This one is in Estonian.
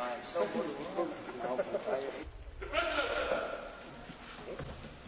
I am so full of